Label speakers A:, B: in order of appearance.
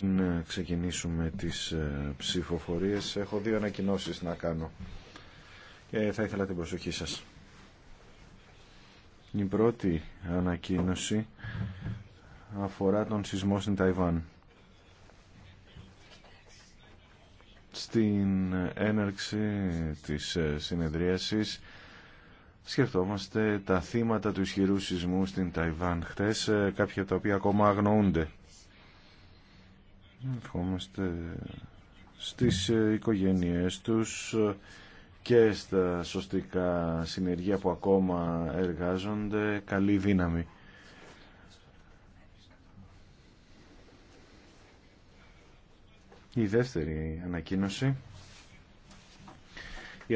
A: Να ξεκινήσουμε τις ε, ψηφοφορίες. Έχω δύο ανακοινώσεις να κάνω και θα ήθελα την προσοχή σας. Η πρώτη ανακοίνωση αφορά τον σεισμό στην Ταϊβάν. Στην έναρξη της ε, συνεδρίασης σκεφτόμαστε τα θύματα του ισχυρού σεισμού στην Ταϊβάν χτες, ε, κάποια τα οποία ακόμα αγνοούνται. Ευχόμαστε στις ε, οικογένειές τους και στα σωστικά συνεργεία που ακόμα εργάζονται καλή δύναμη.
B: Η δεύτερη ανακοίνωση. η